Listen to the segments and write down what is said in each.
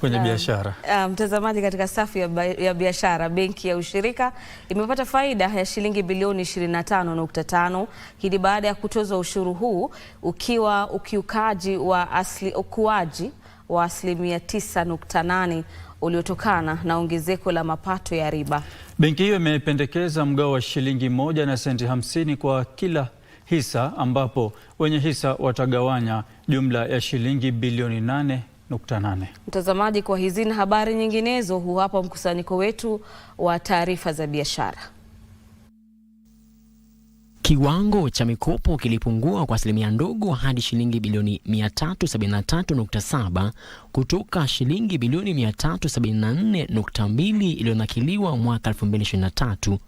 kwenye eh, biashara. Eh, mtazamaji, katika safu ya biashara, benki ya ushirika imepata faida ya shilingi bilioni 25.5. Hii ni baada ya kutozwa ushuru huu ukiwa ukiukaji wa asli, ukuaji wa asilimia 9.8 uliotokana na ongezeko la mapato ya riba. Benki hiyo imependekeza mgao wa shilingi moja na senti hamsini kwa kila hisa ambapo wenye hisa watagawanya jumla ya shilingi bilioni nane 8. Mtazamaji, kwa hizi na habari nyinginezo, huu hapa mkusanyiko wetu wa taarifa za biashara. Kiwango cha mikopo kilipungua kwa asilimia ndogo hadi shilingi bilioni 373.7 kutoka shilingi bilioni 374.2 iliyonakiliwa mwaka 2023.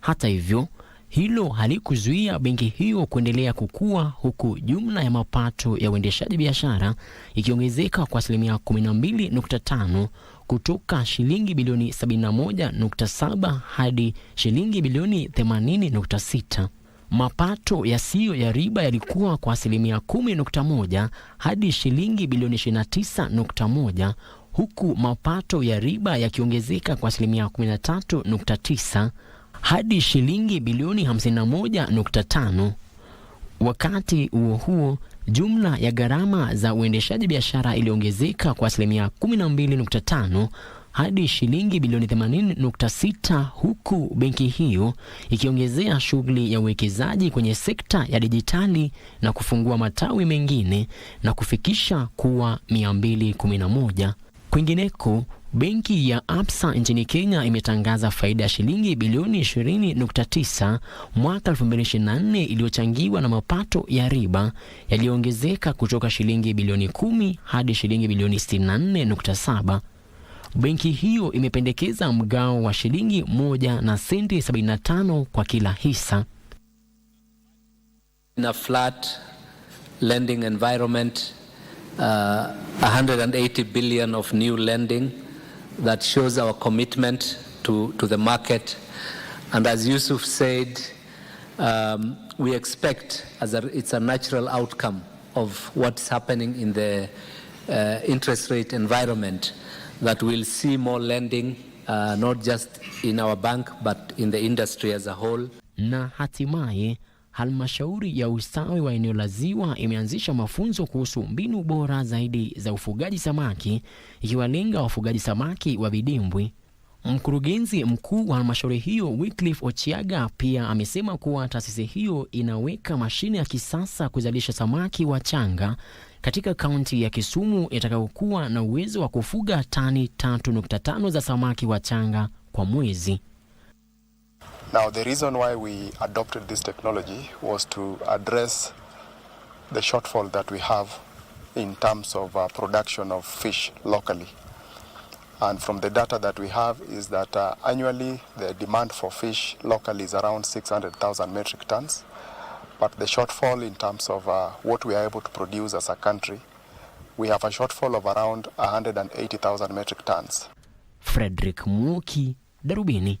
Hata hivyo, hilo halikuzuia benki hiyo kuendelea kukua huku jumla ya mapato ya uendeshaji biashara ikiongezeka kwa asilimia 12.5 kutoka shilingi bilioni 71.7 hadi shilingi bilioni 80.6. Mapato yasiyo ya riba yalikuwa kwa asilimia 10.1 hadi shilingi bilioni 29.1 huku mapato ya riba yakiongezeka kwa asilimia 13.9 hadi shilingi bilioni 51.5. Wakati huo huo, jumla ya gharama za uendeshaji biashara iliongezeka kwa asilimia 12.5 hadi shilingi bilioni 80.6 huku benki hiyo ikiongezea shughuli ya uwekezaji kwenye sekta ya dijitali na kufungua matawi mengine na kufikisha kuwa 211. Kwingineko, benki ya Absa nchini Kenya imetangaza faida ya shilingi bilioni 20.9 mwaka 2024 iliyochangiwa na mapato ya riba yaliyoongezeka kutoka shilingi bilioni 10 hadi shilingi bilioni 64.7. Benki hiyo imependekeza mgao wa shilingi moja na senti 75 kwa kila hisa. In a flat lending environment 180 uh, billion of new lending that shows our commitment to, to the market. And as Yusuf said, um, we expect, as a, it's a natural outcome of what's happening in the uh, interest rate environment, that we'll see more lending, uh, not just in our bank, but in the industry as a whole. Na hatimaye Halmashauri ya ustawi wa eneo la Ziwa imeanzisha mafunzo kuhusu mbinu bora zaidi za ufugaji samaki ikiwalenga wafugaji samaki wa vidimbwi. Mkurugenzi mkuu wa halmashauri hiyo Wycliffe Ochiaga pia amesema kuwa taasisi hiyo inaweka mashine ya kisasa kuzalisha samaki wachanga katika kaunti ya Kisumu itakayokuwa na uwezo wa kufuga tani 3.5 za samaki wachanga kwa mwezi. Now, the reason why we adopted this technology was to address the shortfall that we have in terms of uh, production of fish locally. And from the data that we have is that uh, annually the demand for fish locally is around 600,000 metric tons. But the shortfall in terms of uh, what we are able to produce as a country, we have a shortfall of around 180,000 metric tons. Frederick Muki, Darubini.